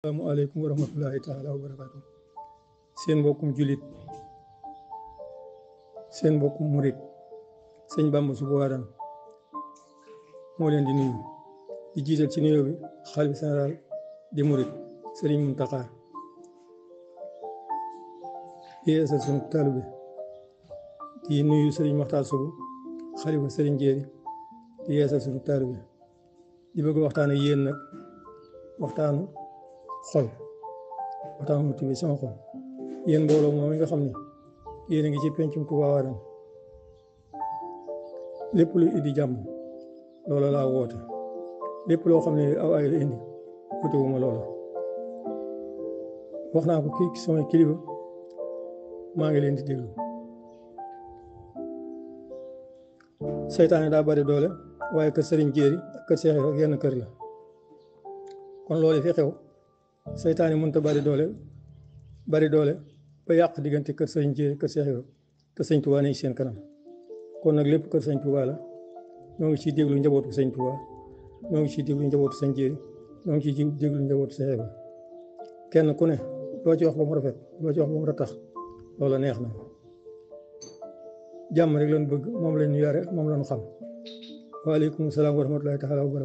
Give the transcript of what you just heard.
asalaamaaleykum wa rahmatullahi taala wa seen mbokkum julit seen mbokkum murit sëñ Bàmba Sugu Waadaan moo leen di nuyu di jiital ci nuyoo bi xalifa général di murit Sëriñ Muntaxa di yeesal sunu taalu di nuyu Sëriñ Maxtaar Sugu xalifa Sëriñ Jéeri di yeesal sunu taalu di bëgg waxtaan ak nag waxtaanu xol moo tax mu tibbee sama xol yéen mbooloo moom nga xam ne yéen a ngi ci pencum Touba Warane lépp lu indi jàmm loo xam ne aw ay la indi woote wu ma loola wax naa ko kii samay kilifa maa ngi leen di déglu seytaane daa bari doole waaye kër sëriñ jéeri ak kër seexee ak la kon loolu fi xew seytaane mënut a bari doole bari doole ba yàq diggante kër sëñ Jéeri kër Seex Ibra te sëñ Tuubaa ne kanam kon nag lépp kër sëñ Tuubaa la ñoo ngi ciy déglu njabootu sëñ Tuubaa ñoo ngi ciy déglu njabootu sëñ Jéeri ñoo ngi ciy déglu njabootu Seex Ibra kenn ku ne loo ci wax ba mu rafet loo ci wax ba mu ratax neex na jàmm rek lañ bëgg moom lañ ñu yare moom lañ xam waaleykum salaam wa rahmatullaahi taala wa barakaatuh